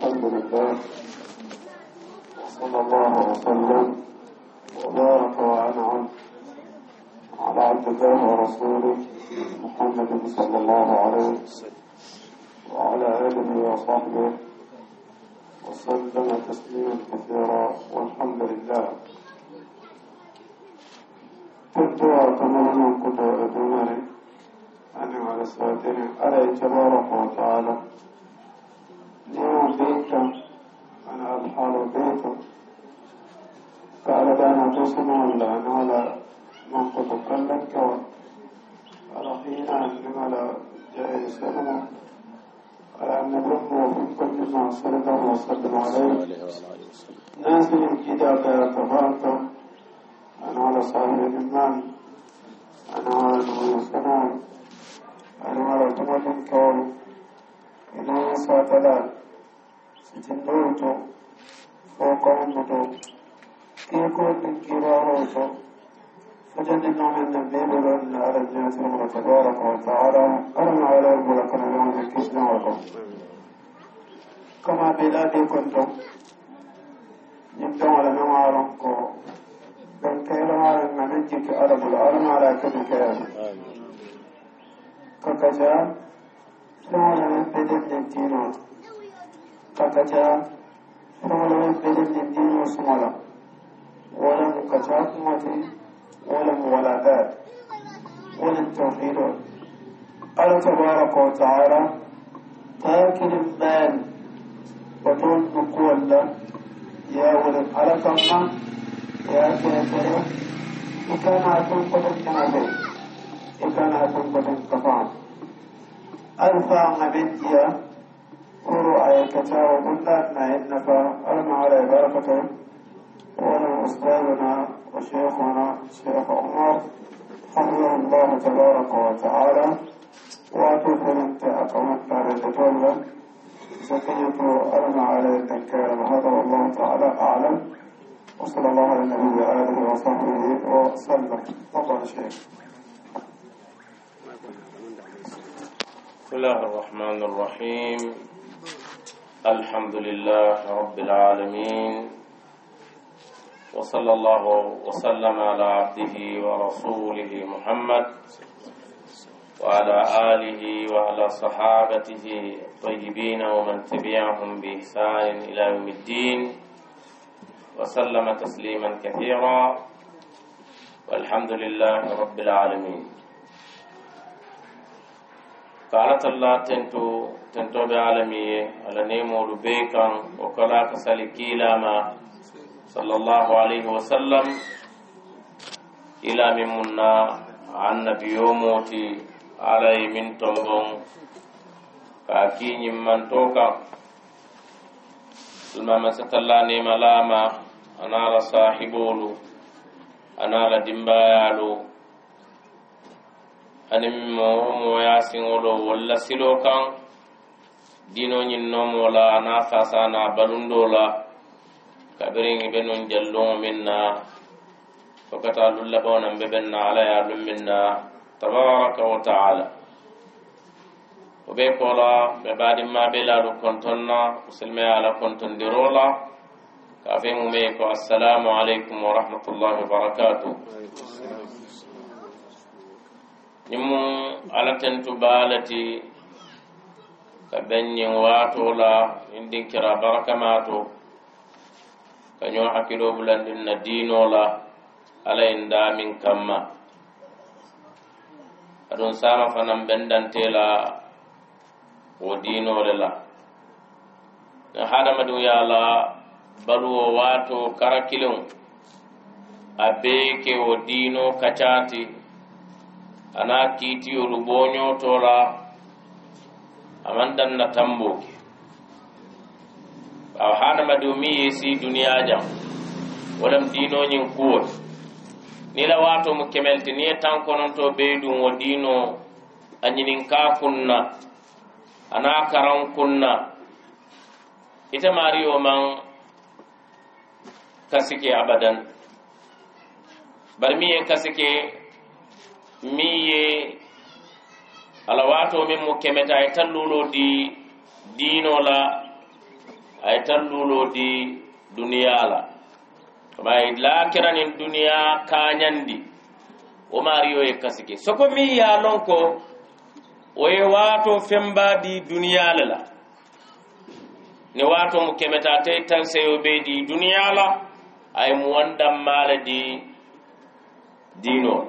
الحمد لله وصلى الله وسلم وبارك وأنعم على عبد الله ورسوله محمد صلى الله عليه وعلى آله وصحبه وسلم تسليما كثيرا والحمد لله كنت أتمنى كنت أدونني أن على سواتني عليه تبارك وتعالى لو بكم على أصحاب بكم قال بان جسم ولا أن ولا منقط كل الكون رخينا أن ولا جائز لنا على أن نبره في كل ما صلى وسلم عليه نازل الكتاب تبارك أنا على صاحب الإمام أنا على النبي السلام أنا على تمام الكون إنه ساتلال جنوتو فوقوتو كيكو تنكيرانوتو فجنبنا من نبيل لأن على الجنس الله تبارك وتعالى أرمى على الملكنا يوم الكسنا وقو كما بلادي كنتم يمدون على نوارنكو بل كيلا على المنجك أرب الأرم على كبك يا كبكا سوانا من بدل الدينوت تكتا فولا بدل الدين وسمولا ولم كتا أمتي ولم ولا ولم توحيد قال تبارك وتعالى تاكل المال وتون بقوة يا ولد على كما يا كيفية وكان عتون قدم كنبي وكان عتون قدم كفان ألفا نبيتيا oro ay kacao bundatna inna fa alma ala أستاذنا وشيخنا شيخ عمر حفظه الله تبارك وتعالى وأتوكل من أقمت على الدولة بقية أرمى على التنكار هذا والله تعالى أعلم وصلى الله على النبي آله وصحبه وسلم تفضل شيخ بسم الله الرحمن الرحيم الحمد لله رب العالمين وصلى الله وسلم على عبده ورسوله محمد وعلى آله وعلى صحابته الطيبين ومن تبعهم بإحسان إلى يوم الدين وسلم تسليما كثيرا والحمد لله رب العالمين قالت الله تنتو tentoɓe alami ye ala nemolu be kan o kala ka sali kiilama sallllah alayhi wa sallam kiilami munna annabiyo moti alaye min tongon ka kiñimmanto kan sulmamasatalla nemalama anala sahibolu anala dimbayalu anin mo mo yasin olo wallasilo kan dino dinoñin nomo la ana sasa na balundo la kabiriŋ be nun jallo minna na fo ka taa be ben na ala ya a minna tabarak wa taala o be ko la be badi ma be la konton kontonna musilmaya ala konton kontondiro la ka fe mu me ko assalamu alaikum wa rahmatullahi wa barakatuh ñimu ala tentu balati ka dañin watola in din kira barakamato kaño hakkilo bulandin na dinola alayin damin kamma aɗum sama fanan bendantela wo dinole la ne hadamadum yala baluwo wato kara kilin a beke wo dino kacati ana kitiyolu boñotola aman danna tamboke ɓaw hanamadiw mi yeesi duniya jam wolam dinoñin kuwol ni la watomu kemelti niye tankononto ɓeydum wo dino a ñininka kunna ana karan kunna ita mari o man kasike abadan bari mi ye kasike mi ye ala wato min mo kemeta ay tallulo di dino e la ay tallulo di duniya la omay lakiranin duniya kañandi womario ye kasike soko mi ya lon ko woye wato femba di duniya la la ni wato mo kemeta tey tanseyo ɓe di duniya la ay mo wandammale di dino la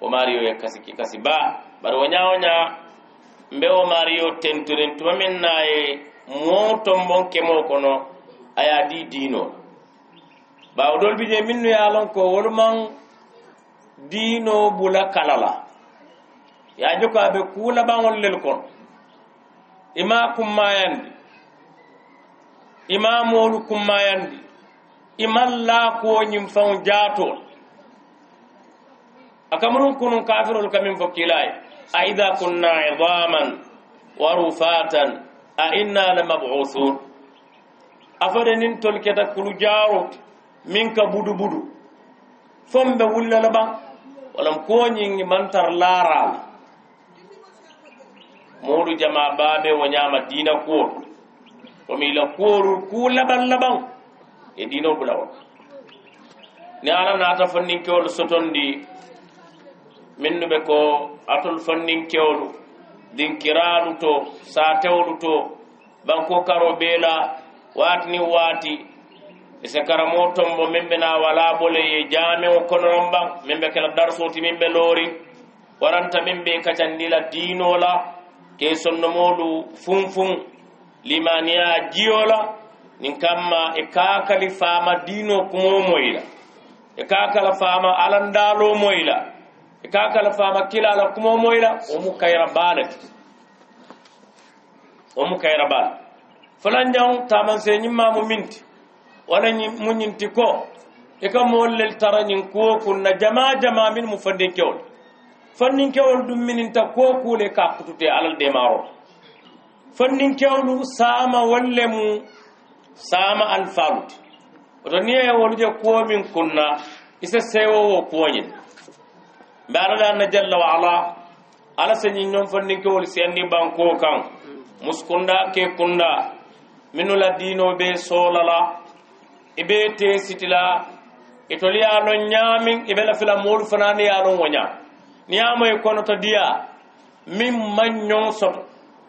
womario ye kasike kasi ba bari wo ñawoña mbe wo mariyo tenturin tuma min naye mo tombon kemo kono aya di dino bawo dol bije min nu yalon ko woluman dino bula kalala ya joko aɓe kulaɓanol lel kon ima kummayandi ima molu kummayandi ima lakuwo ñin fan jatol a kamarun kunun kafirol kamin fo kilaye aida kunna idaman wa rufatan a inna la mabusun afade nin tolketa kulu jaro min ka budu budu fombe wulla la ban walam koñingi mantar laral modu jama babe wo ñama dina kuwol komi la kuwolul ku laban laban e dinol bulawol ni ala nata fo ninkewol sotondi minnuɓe ko atol fannin kewlu din kiralu to sa tewlu to banko karo beela watini waati e se karamo tombo min ɓe na wala bole ye jameo konoron ɓan min ɓe kela darsoti min ɓe loori waranta min ɓe kacandila diinola ke sonnomolu funfun limaniya jiyola nin kamma e kakali faama diino kumo moyla e kakala faama alandalo moyla ka kala fama kila la kuma moyla o mu kayra balet o mu kayra bal fulan jang taman se nyimma mu minti wala nyi mu nyinti ko e ka mo lel tara nyin ko kunna jama jama min mu fande kewol fannin kewol dum mininta ko kule ka kutute alal de maro fannin kewlu sama walle mu sama alfalut to niye wolje ko min kunna isa sewo ko kuwoñin mbe alalanna jalla wa ala ala sañi ñoom fa ndinkewol seendi bankoo kan muskunda ke kunda minnu la diino be soolala i be teesiti la itolu ye lon ñaamin i be la fila moolu fanani ye lon woña ni ye ma ye konota diya min ma ñoŋ soto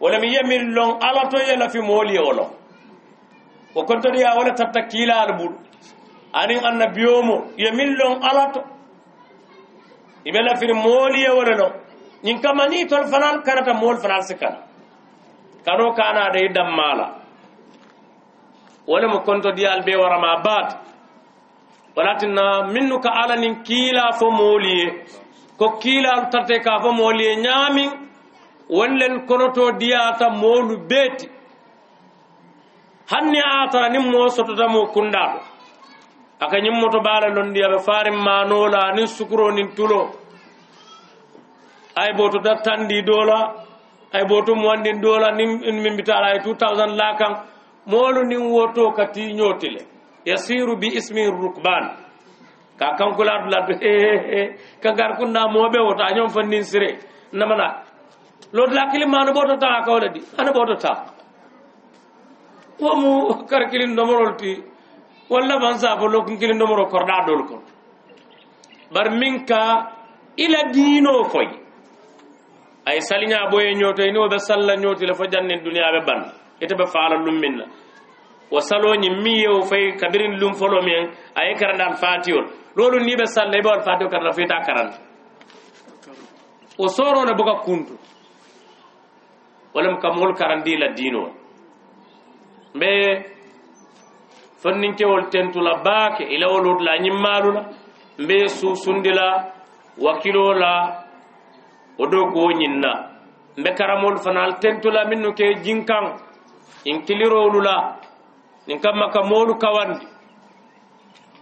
wala mi ye min lon ala to ye lafi moolu ye wo lon wo kontodiya wo le tarta kiilaalu budu aniŋ annabiyo mu ye min lon ala to ibe lafiri mooliye wole no ñin kamma ni tol fanal kanata mool fanal si kana kano kanade i dammala wole mo konto diyal be warama baat walatinna minnu ka ala nin kiila fo mooliye ko kiilalu tarte ka fo mooliye ñaamin wonlen konoto diyata moolu beeti hanni a tara nin moo sotota mo kundaɗo aka ñimmoto baala londi aɓe farin manola nin sukuro nin tulo ay boto dattandi dola ay boto muwandin dola nin min mbitala ay 2000 lakan molu nin woto ka tiñotile yasiru bi ismin rukban ka kankulatu laddo hehehe ka gar kunna moɓe wota ñom fa nin sire namana lotla kilima no ɓotota a kawle di ano ɓotota womu kar kilin domorol ti walla ban safolo kinkilin domoro korɗa ɗol kon bar min ka ila diino foy ay saliñaɓoye ñootoy ni woɓe salla ñootile fo jannin duniyaɓe ban ite ɓe faala lum minna wo saloñin mi yeewo fay kabirin lum folo men aye karandan fatiol lolu ni ɓe salla ɓewal fatio karana fiita karanta wo sorone boga kunto walam kam hol karandila diinowol mbe fonninkewol tentula baake ilawolut e la ñimmaalula mbe suusundila wakilola o dogoo ñinna mbe karamol fanaal tentula min no ke jinkan in kilirolu la nin kamma ka moolu kawandi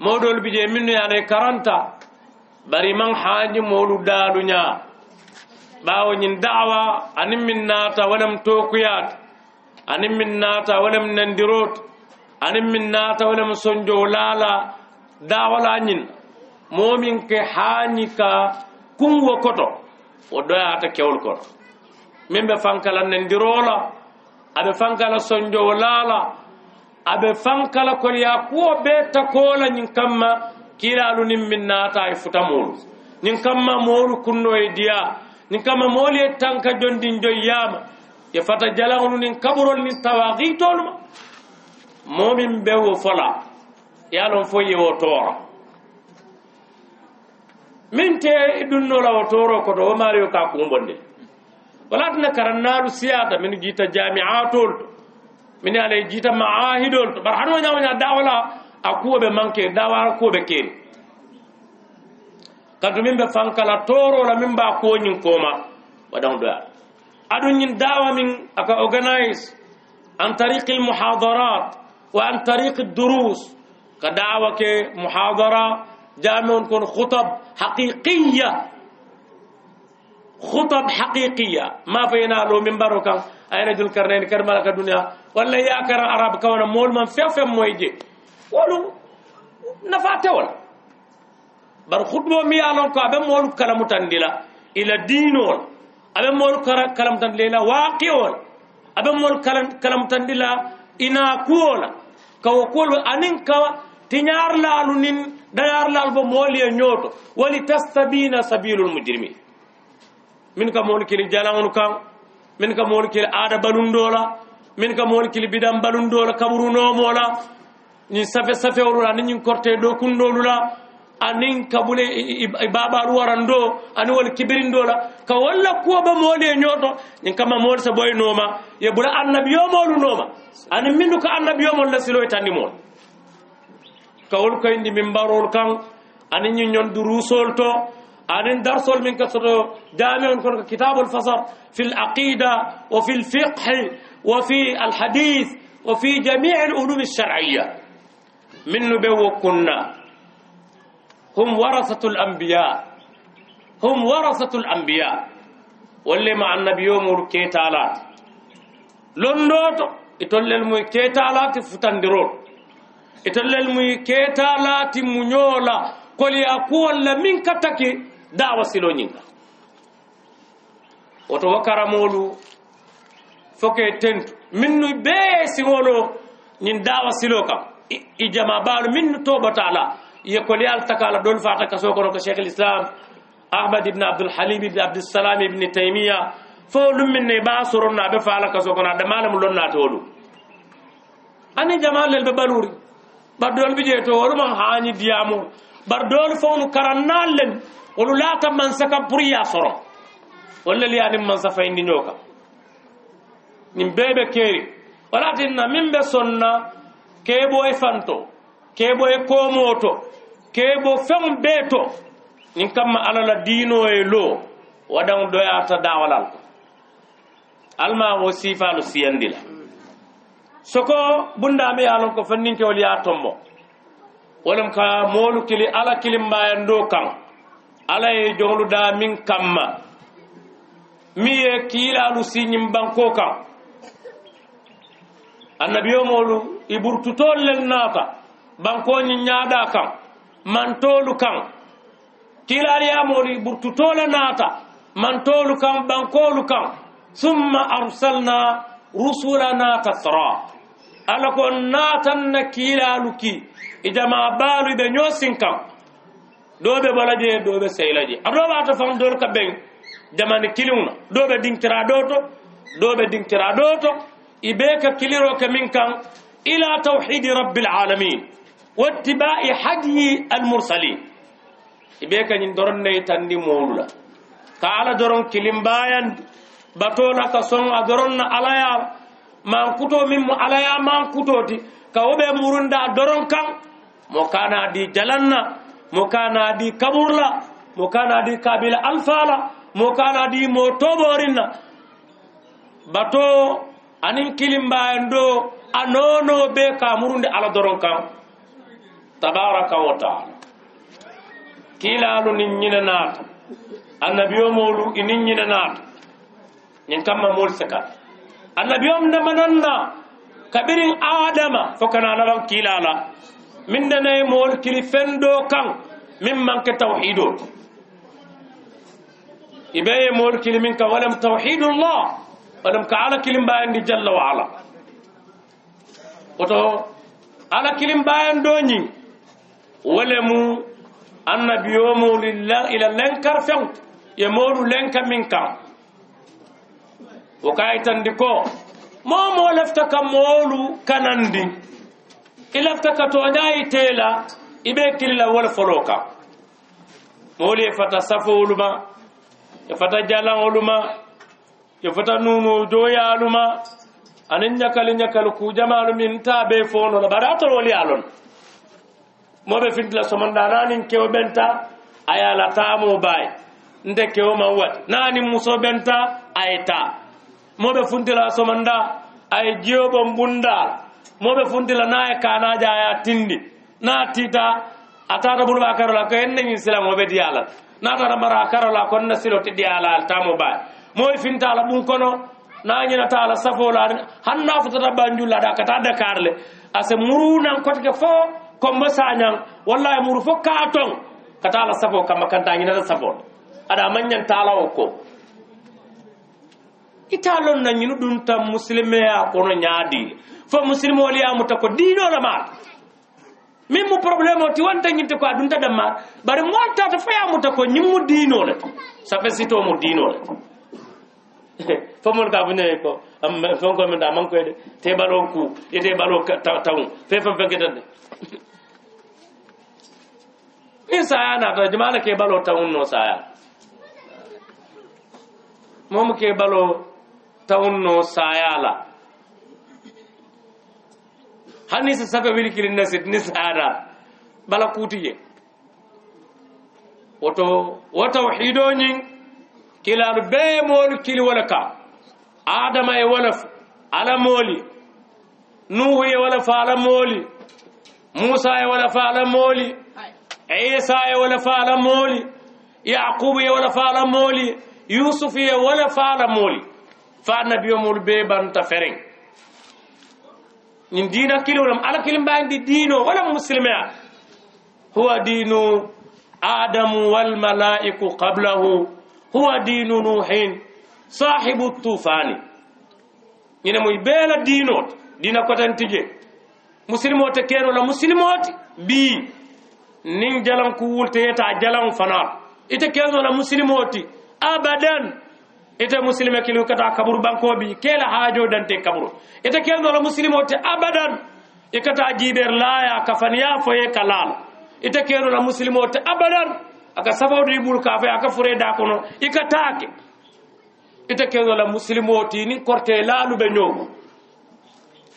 moodol bije min no yaanay e e karanta bari man haaji moolu daalu ñaa ɓaawo ñin da'awa anin min naata walem tookuyaata anin min naata walem nandirooto anin min natawole mo sonjo laala dawalañin momin ke haani ka kunwo koto o ɗoyata kewol kono min ɓe fankala nandirola aɓe fankala sonjowo laala aɓe fankala koliya kuwo ɓe takola ñin kamma kiilalu nin min naata e futa molu ñin kamma molu kunno e diya ñin kamma moolu e tanka jondin joyyama e fata jalanlu nin kaɓurol nin tawa xiitoluma momin bewo fola yalon fo yewo towa min te dunnola o toro koto wo mario ka kumbonde walatina karannaru siyata min jiita jamiatol to min ala jiita maahidol to bar hano ñamoña dawala a kuwoɓe manke dawa kuwoɓe keni kanto min ɓe fankala torola min mba koñin koma waɗan ɗoya aɗum ñin dawa min aka organise en tariqe lmohadarat وعن طريق الدروس كدعوة محاضرة جامع كن خطب حقيقية خطب حقيقية ما فينا لو من بركة أين ذو الكرنين لك الدنيا ولا يا كرم عرب كون مول من في في مويجي ولو نفاته ولا بر خطبه مي علون كو مول كلام تندلا الى دينون ابي مول كلام تندلا واقعون ابي مول كلام تندلا انا كولا kawo kuolɓe anin kawa ti ñaar laalu nin dañaar laal bo mooli e ñooto wali tastabina sabilul mujrimi min ka mooni kili jalanu kan min ka mooni kili aada balundola min ka mooni kili bidan balundola kaburunomola ñin safe safewolula ni ñin korte dokundolula anin kabule ibaba warando ani wal kibirin dola ka walla kuwa ba mole nyoto nin kama mole sa boy noma ye bula yo molu noma ani minu ka yo mol la silo tandi mol ka wol ko indi min barol kan ani nyi nyon durusol to ani darsol min ka soto jami'un kon kitabul fasar fil aqida wa fil fiqh wa fi al hadith al shar'iyya العلوم be wo kunna hum warasatul ambiya hum warasatul ambiya wallema annabiyo muru ketalati londoto e tollel muy ketalati futandirol e tollel muy ketalati muñoola koli a kuwalla min kattake dawa siloñinga woto wakaramolu foke tentu minnu bee siwolo ñin dawa silo kam i jama baalo minnu toɓatala yekkoli altakala ɗon fataka sokono ko cheikh l'islam ahmad ibne abdulhalim ibne abdusalam ibne taymia fo lumminne ɓa soronnaɓe falaka sokono adamanemo lonnate olu ani jamalel ɓe ɓaluri ɓardol ɓe ƴeyto oɗuma hani diyamu ɓardol fownu karannallen olu laata mansa kam pour ya soro wallel yanin mansa fayindi ñoka min beɓe keeri walatinna min ɓe sonna keɓo e fanto keɓo e komoto keebo feŋ bee to niŋ kamma alla la diinoo ye loo wadaŋo doyaata daawalal alma wo siifaalu siyandi la soko bundaami ye a loŋ ko fanninkewolu ye a tombo wolem ka moolu kili alla kilimbaayandoo kaŋ alla ye joŋolu daa miŋ kamma miŋ ye kiilaalu siiñiŋ bankoo kaŋ annabiyo moolu iburututoolu le naata bankoo ñiŋ ñaadaa kaŋ mantolu kan tilariyamoni ɓurtutola naata mantolu kan ɓankolu kan summa arsalna rusulana tasra ala ko naatanna kiilalu ki ijama baalu ɓe ñosin kan doɓe ɓolaje doɓe seylaje aɗowata fandol ka ɓen jamani kilina doɓe dinkira ɗo to doɓe dinkira ɗo to ibe ka kiliroke min kan ila tawhidi rabbilalamin wattibai hadyi almursalin ibe kañin doron nayi tandi mowlula ka ala doron kilim bayandi batona ka son a doronna alaya mankuto min mo alaya mankutoti ka woɓe murunda doron kan mo kanadi jalanna mo kanadi kaɓurla mo kanadi kabila alfala mo kanadi mo toɓorinna bato anin kilimbayen do a nono be ka murunde ala doron kan tabaraka wa taala kiilaalu nin ñine naata annabio moolu i nin ñine naata nin kamma mool sika annabiom ndemananna kabirin adama fokana nawan kiilaala min ndenay mool kili fendo kan min manke tawhido ibeye mool kili min ka walam tawhidullah walam ka ala kilim mbayandi jalla wa ala woto ala kilim mbayan do ñing walemu annabiyomolu la ila lenkar fewt e molu lenka min kam wokay tandi ko momo lefta ka molu kanandi ilefta ka toñayi teela iɓe killa wol folo kam moolu e fata safoluma e fata jalanoluma e fata nunu joyaluma anin ñakali ñakal kujamalu min taɓe fonono baɗa toroli alon moɓe fintila somon ɗa nanin kewo ɓenta a yalata mo baye nde kewo man waɗi nanin muso ɓenta ayeta moɓe funtila somon ɗa aye jeyoɓon bundal moɓe funtila na e kanaji aya tindi na tita atata bulɓa karola ko henneñin silamoɓe di yalal natata mbara karola konna silo tiɗi yalal tamo baye moɓe fintala ɓum kono nañinata ala safolaɗ hannafotata banjullaɗa kata dakarle ase muru nan kotike fo komba sañan wallahi muru fo ka ton kata ala safo kamma kanta ñinata safoo aɗa maññantala o ko italon na ñinu ɗum tan musilimeya kono ñaadi fo musilimoliyamuta ko diinola maata min mo probléme o ti wonta ñinte ko a ɗum taɗan maata bare moaltata fayamuta ko ñimmu diinole safe sitomo diinole fomon ka fonee ko fonkomin ɗa manko ede teɓalo ku yete ɓalo taw fe fo fegetan de in saya nata jamana ke balo tawun no saya mom ke balo tawun no saya la hani sa sabe wili kiri nasit ni saya na bala kuti ye woto woto hido nyin kilar be mol kil wala ka adama e wala ala moli nuhu e wala fa ala moli musa e wala fa ala moli e isa e wala faala mooli yacqubu e wala faala mooli yusufu e wala faala mooli fa nabiyomol be banta fereng nin dina kilolam ala kilim mbaandi diino wala muslime a huwa diinu adamu walmalaiku qablahu huwa diinu nuhin sahibu tufani ñine muy beela diinoot dina kotantije musilimo te keenola musilimooti mbiiñ nin jalan ku wulteyeta jalan fanal ite kesola musilimo ti abadan ite musilime kilu kata kaburu bankobi kela hajo dante kaburu ite kesola musilimo ti abadan ikata jiber laya kafaniya foye kalal ite kesola musilimo ti abadan aka safawdu ibul kafe aka fure da kono ikataake ite kesola musilimo ti ni korte lalu be nyomo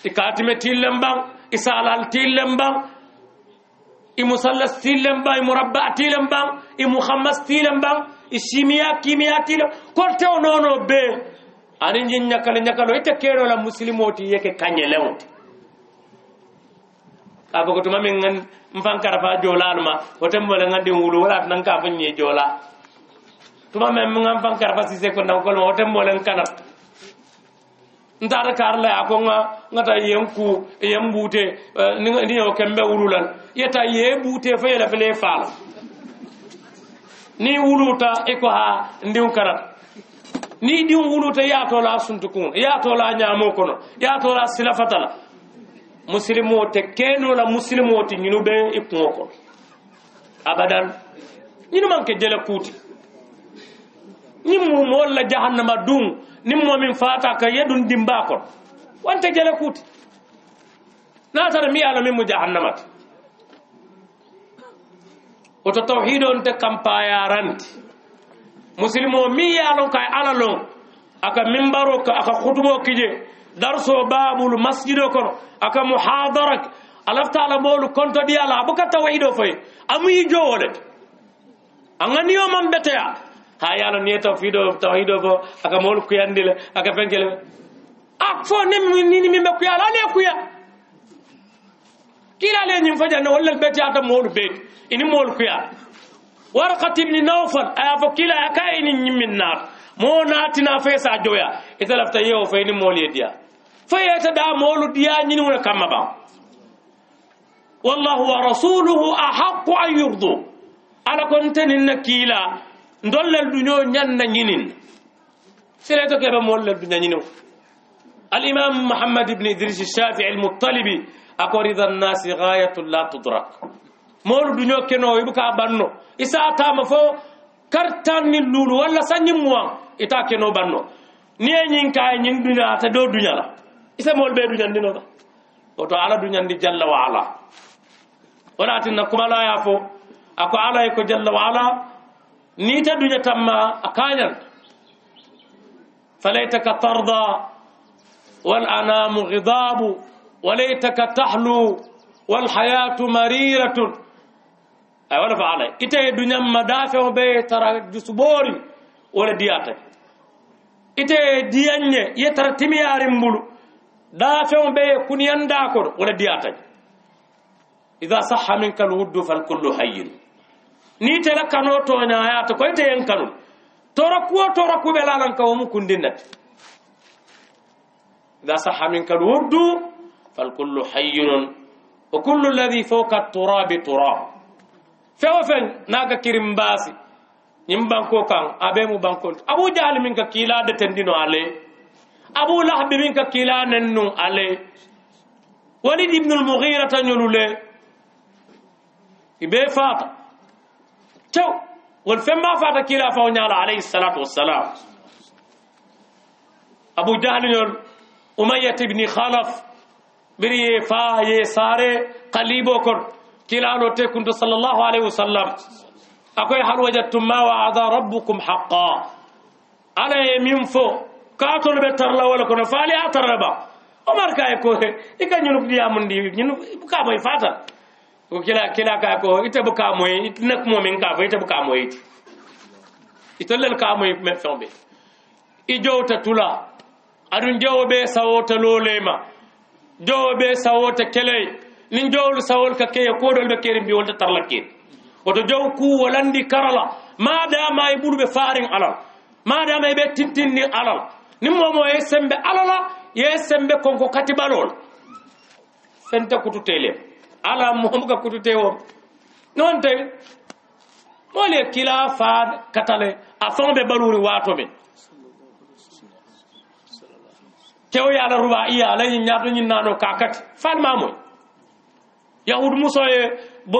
ikatime tillem bang isalal tillem bang i musallas tilen ban i mourabba tilen ban i mouhammas tilen ban i simiya kimiya tilen koltewo nono be ani ñin ñakkale ñakkalo itte keerola musilimo ti yeke kañe lewte ka bogo tuma min gan mfankara fa joolanuma hoten bole ganɗin wulu wala tu nanka fo ñe joola tuma men mi gan fankara fa sise ko ndaw kolma hoten bole n kanat ntaata kaar la yaa ko ŋa ŋa taa yen kuu yen buute eh, ni yo kembe wulu lan ye ta ye buute fo ye lafele faala ni wuluta i ko ha ndiŋ karat ni diŋ wuluta ye a tola la suntukuŋo ye a la a ñaamo kono ye a tola a silafata la musilimoo te keenoo la musilimoo ti ɲinu be i kuŋo kɔnɔ abadan ɲinu maŋ ke jele kuuti nimmu moolla jahannama dungu nimmo min fata ka yedun dimba kon wonte jele kuuti natara miyano min mo jahannamata oto tawhid on te kam payarandi musilme o min yalon kay ala lon aka mimbaro ka aka hutubo kije darso babul masjid o kono aka mohadarak alaftaala moolu konto ɗiyala abuka tawhid o foye amuyi jowolede a ganiyomam beteyade ha yaalo ah, ni tawfido tawhido ko aka ku yandila aka fenkele a fo ne min ɓe ni ale kuya kilale ñin fajanne walla ɓeteyata mawlu beyt ini mawlu kuya warkat ibni nawfal aya fo kila aka ini min nar mo naatina fe sa joya ita lafta fe ni mol ye diya fayeta ɗa moolu diya wona kamma ba wallahu wa rasuluhu ahaqu an yurdu ala kontenin na Ndollal duñoo nyaanna nyiinin siree tokee ba moolu ako e duñaa nyiiniwoo. Moolu duñoo kennu ooyibu kaa ban no Isa taa ma foo kattan ni luuru walasa walla mu waan itaa kennu ban no. Niyenyiin kaayi nii dunyaa te doo duña la isa mool bee duñan dina ooo oto ala duña di Jalla waala. Bola ati na kumala yaafoo akka ko Jalla waala. نيتا دنيا تما أكاين فليتك ترضى والأنام غضاب وليتك تحلو والحياة مريرة أي ولا فعلا إتا دنيا مدافع بي ترى جسبوري ولا دياتك إتا ديانية يترى تميار مبلو دافع بي كنيان داكور ولا دياتك إذا صح منك الود فالكل حي ni tele kano toñayata koyte hen kanu toro kuwo toro kuɓe lalan ka womu kundinnate ida saha min kadi woddu fal kullu hayyunun o kullu lladi fo ka turabi turab fewo fen naga kirim mbaasi ñim banko kan aɓe mu bankonti abou jahali min ka kiilade tendino ale abou lahabi min ka kiila nen nun ale walid ibnulmouhirata ñolu le i ɓe faata tew wol femma fata kila faw ñala alayhi salatu wassalam abou jahlinol umayat ibni khalaf biri ye fa ye sare qalibo kon kilano te kunto sallllahu alayhi wa sallam akoye hal wajadtum ma waada rabbukum haqa ala ye min fo katol ɓe tarla wala kono faali a tarla ba omar ka ye ko i ka ñunu ɗiyamundi ñunu kamoye fatan ko kila kila ka ko ita buka moy itna ko min ka ita buka moy lal ka moy me fombe i jowta tula adun jowo ɓe sawota lolema jowo ɓe sawota keley nin jowol sawol ka ko keye koɗol ɓe keri mbiwolta tarlakken woto jow kuwolandi karala ma e burbe farin alal ma madama e be tintinni alal nin mo ye sembe alala ye sembe konko katiɓalol fenta tele. ala mom ka kutu noon ten moolu ye kila fa katale a fon be baruri wato be kewo ya la ruba iya la ni nyaatu ñiŋ nano ka kat fal ma moyi yahud muso ye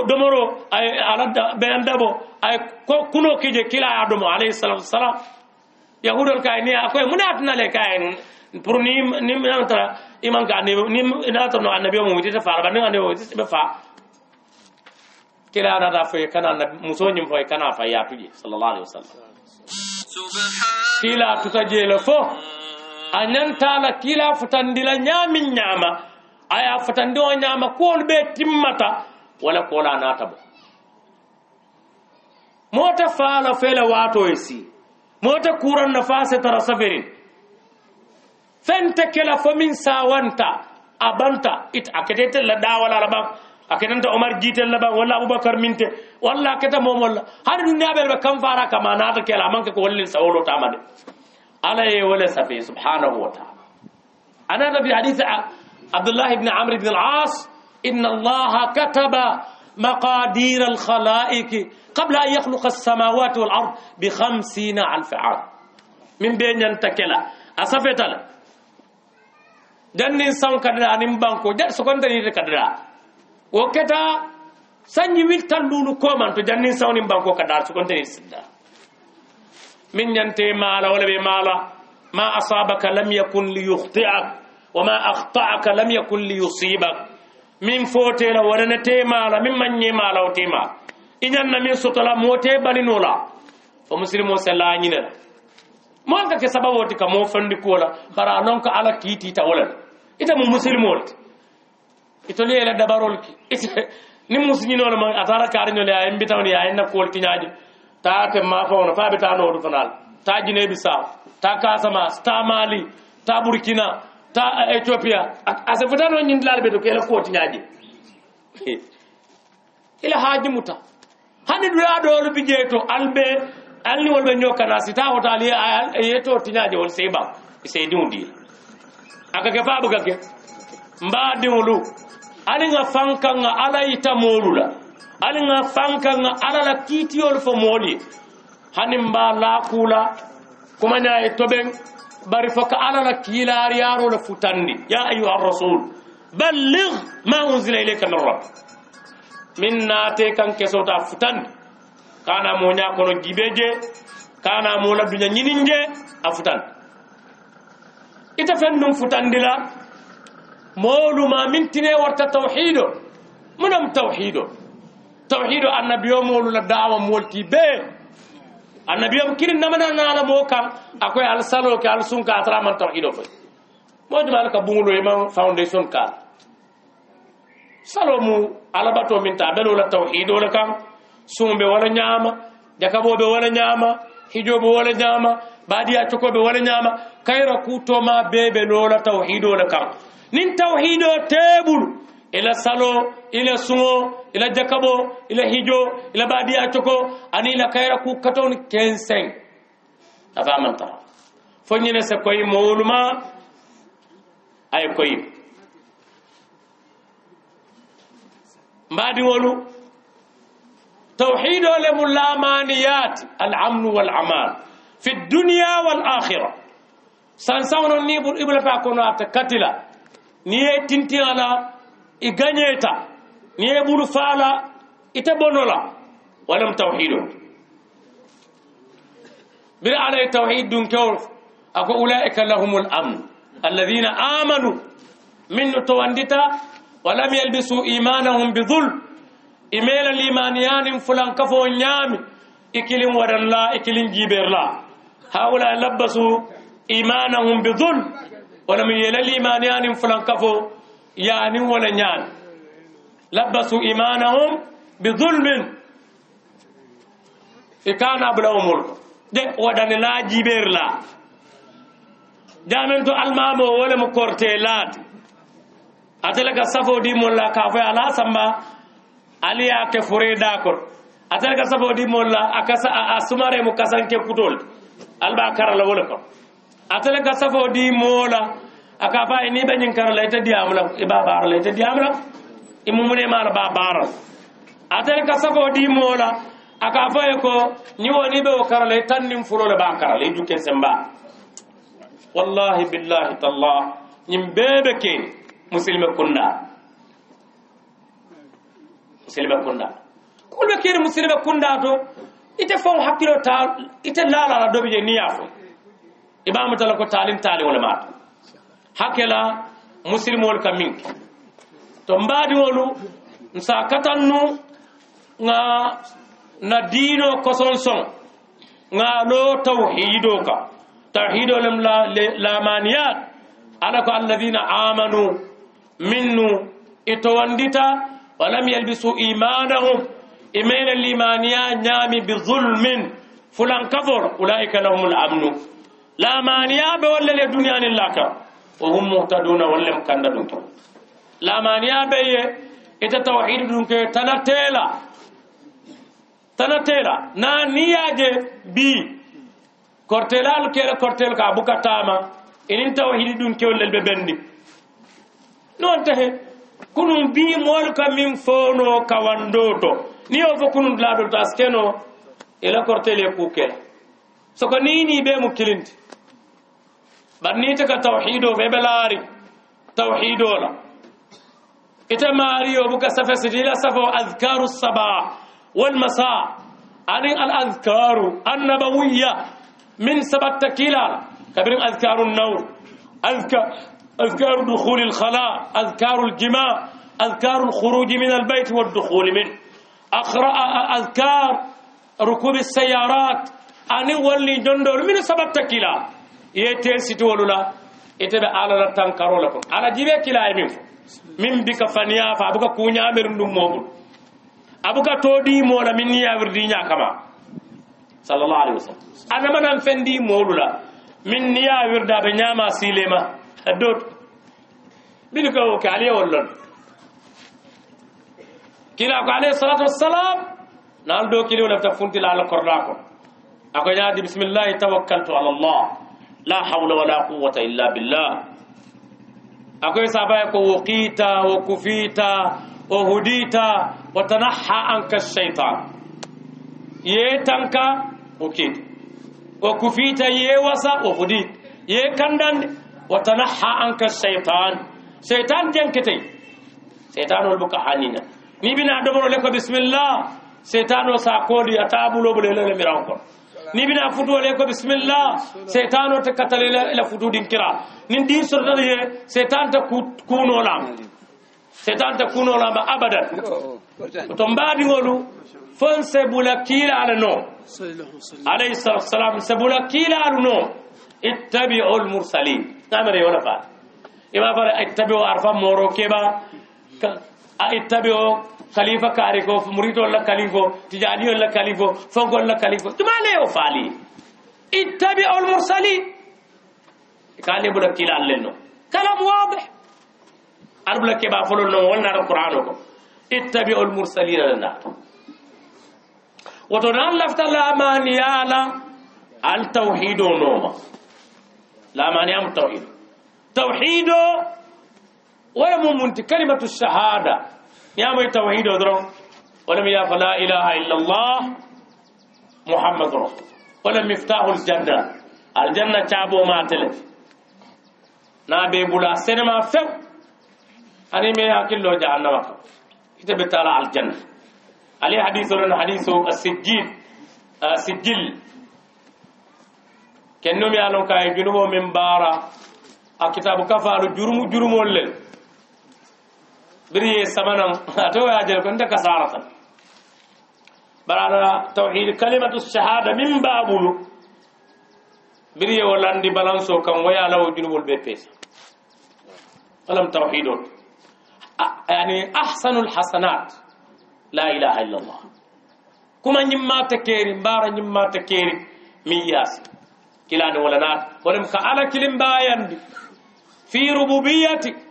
domoro ay ala beyan ay ko kuno kije kila adamu a domo alayhi salatu wasalam yahudol ka ye munat a a le ka ye pour ni ni nantara i manque a ni nantara no annabi omo wutita faraba ni annabi wutita be fa kila nata fo ye kana annabi muso ñim fo ye kana fa yatu je sallallahu alayhi wa sallam kila tuta jeelo fo a ñantala kila futandila ñamin ñama aya futandi o ñama kool be timmata wala koola nata bo moota faala fela waato e si moota kuranna fa setara saferin fente kela fomin sawanta abanta it akete la dawala la bang akenanta omar jitel la bang walla abubakar minte walla aketa momol la har dunya bel be kam fara kama nata kela manke ko wallin sawolo tamade ala ye wala safi subhanahu wa ta'ala anata bi hadith abdullah ibn amr ibn al-as inna allah kataba مقادير الخلائق قبل أن يخلق السماوات والأرض بخمسين ألف عام من بين ينتكلا أسفتلا dannin san kadara anin banko jat sokontanite kadara wo keta sañi wil tan lulu koman to jannin sawnin banko kadara sokontanite sidda min ñante maala wala ɓe maala ma asabaka lam yakun liyuhtiak wa ma ahtaaka lam yakun liyusibak min fotela wonana te maala min mañe maala o te maala iñanna min sotola mo te balinola o musilimo selañinela mo alka ke sababoti ka mo fandikola bara non ko ala kiititawolana itamo musilmol te itoni yele dabarol ke ni musiñinole ma atara kariñole a imbitawni a innakkuwol kiñaaje ta temma fawno fa ɓe ta nodu fanal ta jinee bi saw ta casamas ta mali ta burkina ta éthiopia ase fota no ñindilaale ɓe to kele kuwo tiñaaje ila haaji muta hani ɗura ɗolo bi ƴee to alɓe alni wol ɓe ñokkana si ta hotaliye yeto tiñaaje wol seyba seydiu ndila agage baaba gage mbaadiŋolu aliŋa fankaŋa ala yita moolu la aliŋa fankaŋa ala la kiitiyolu fo moolu ye hani mba laakula kumaña ye toben bari fo ka ala la kiilaariyaaro le futandi ya ayuha arrasul balligh ma unzila ilayka min rabbi min naate kaŋ kesota futandi kana moñaa kono gibe je kana moola duña ñinin je a futandi ita fen num futandila mawlu ma mintine warta tawhido munam tawhido tawhido annabiyo molula dawa molti be annabiyom kiri namana nala mo kam akoye alsalo ke alsunka ataraman tawhido foy mojuma alaka bugulo ema foundation kal salo mu alabato minta belola tawhido la kam sumbe wala ñama jakaboɓe wala ñama hijoɓe wala ñama baadiya cokoɓe wala ñama kayra kutoma beɓe lola tawhido ne kam nin tawhido teɓul ila salo ila suŋo ila jakaɓo ila hijo ila baadiya coko ani ila kayra ku katoni kensen afamanta fo ñine se koyi mowoluma aye koyi mbadiwolu tawhido lemu lamaniyat alamnu walamal في الدنيا والآخرة سانسون نيبو إبلا فاكونا تكتلا نيه تنتيانا إغانيتا نيه بروفالا إتبونولا ولم توحيد بل على التوحيد دون كورف أكو أولئك لهم الأمن الذين آمنوا من تواندتا ولم يلبسوا إيمانهم بذل إيمان الإيمانيان فلان كفو نيامي إكلم ورن لا إكلم جيبر لا haula labbasu imanahum bi dulm wala mi yelal imaniyanin fulankafo yanin wala ñaan labbasu imanahum bi dulmin i kana abulawmul de waɗane la jiɓeer la jamen to almamo wole mo korte laade atelega safo dimolla kafoy ala samba aliya ke fore dakol atelega safo dimolla akasa a sumare mo kasanke kutol alba karala wole ko atele ga safo di moola aka fa ni be nyin karala ita di amla e ba bar la ita di amla e mu mune mala ba bar atele ga safo di moola aka fa e ko ni wo ni be o karala tan nim fulo le ba karala e duke semba wallahi billahi talla nyim bebe ke muslime kunna muslime kunna kulbe kene muslime kunda to ite fof hakkilo ta ite laalala doɓe je niya fo imamutala ko taalim taaliwole mata hakkela musilimoolu ka min to mbaadiwolu sa katannu nga na diino koson son nga lo tawhido ka tawhido lem lamaniyat ala ko alladina amanu minnu e towandita walam yalbisu imanahum إمين الليمانيا نامي بظلم فلان كفر أولئك لهم الأمن لا مانيا بولا لدنيا نلاك وهم مهتدون ولم كنددون لا مانيا بي إذا توحيد دونك تنتيلا تنتيلا نانيا جي بي كورتيلال كيلا كورتيل كابوكا تاما إن توحيد دونك ولل ببندي نو انتهي كنون بي مولك من فونو كواندوتو ni yo fo kunun laadol to askeno ila kortele kukela soko nini be mu kilindi bar ni ka tawhido be belari tawhido la ita mari o buka safa sidila safo azkaru sabah wal masa والمساء عن الأذكار النبوية من سبت كلا كبير أذكار nawr azka أذكار دخول الخلاء أذكار الجماع أذكار الخروج من البيت والدخول منه أذكار ركوب السيارات أني ولي جندول من سبب تكلا يتيل إيه ولولا يتبع إيه على رتان كارولكم على جيبه كلا يمين إيه من بك فنيا فابك كونيا مرندم موبل أبوك تودي مولا من يابردينيا كما صلى الله عليه وسلم أنا من أنفندي مولولا من نيا وردا بنياما سيلما الدوت بيلكو كاليه ولن كلاك عليه صلاة والسلام نالدو كليو لفتا فنتي لعلى قرناكم أقول يا دي بسم الله توكلت على الله لا حول ولا قوة إلا بالله أقول يا سابايك وقيتا وكفيتا وهديتا وتنحى عنك الشيطان يتنكا وكيت وكفيتا يوسا وهديت يكندن وتنحى عنك الشيطان شيطان جنكتي شيطان البكاء عنينا ni bina doboro le ko bismillah setan o sa kodi atabulo bole le miraw ko ni bina futuo le ko bismillah setan o te katale le futu din kira nin di sorda ye setan ta kuno la setan ta kuno la ma abadan to mbadi ngolu fon se bula kila ala no alayhi salam se bula kila ala no ittabi'u al mursalin tamare wala fa ima fara ittabi'u arfa moro keba a ittabi'u khalifa kare ko muridol la kalifo tijaniyol la kalifo fonkol la kalifo jumale o faali ittabi'u al-mursalin kane bula kilal lenno kalam wadih ar bula keba folol no wonna ar qur'ano ko ittabi'u al-mursalin lana woto nan lafta lamani yala al tawhido noma lamani am tawhid tawhido ولم منت كلمة الشهادة يا مي توحيد ودرم ولم يقف لا إله إلا الله محمد رسول ولم يفتح الجنة الجنة تابو ما تلف نابي بولا سينما فيو أني مي أكل له جهنم كتب تعالى الجنة عليه حديث ورن حديث السجيل السجيل آه، كنوم يعلم كاي جنوب من بارا أكتاب كفار جرم جرم ولل بري سمنم أتو أجل كنت كسارة برانا توحيد كلمة الشهادة من بابلو بري ولاندي بلانسو كم ويا لو جنوب البيبيس ألم توحيد يعني أحسن الحسنات لا إله إلا الله كما نما تكيري بارا نما تكيري مياس كلا نولنات ولم خالك لمبايا في ربوبيتك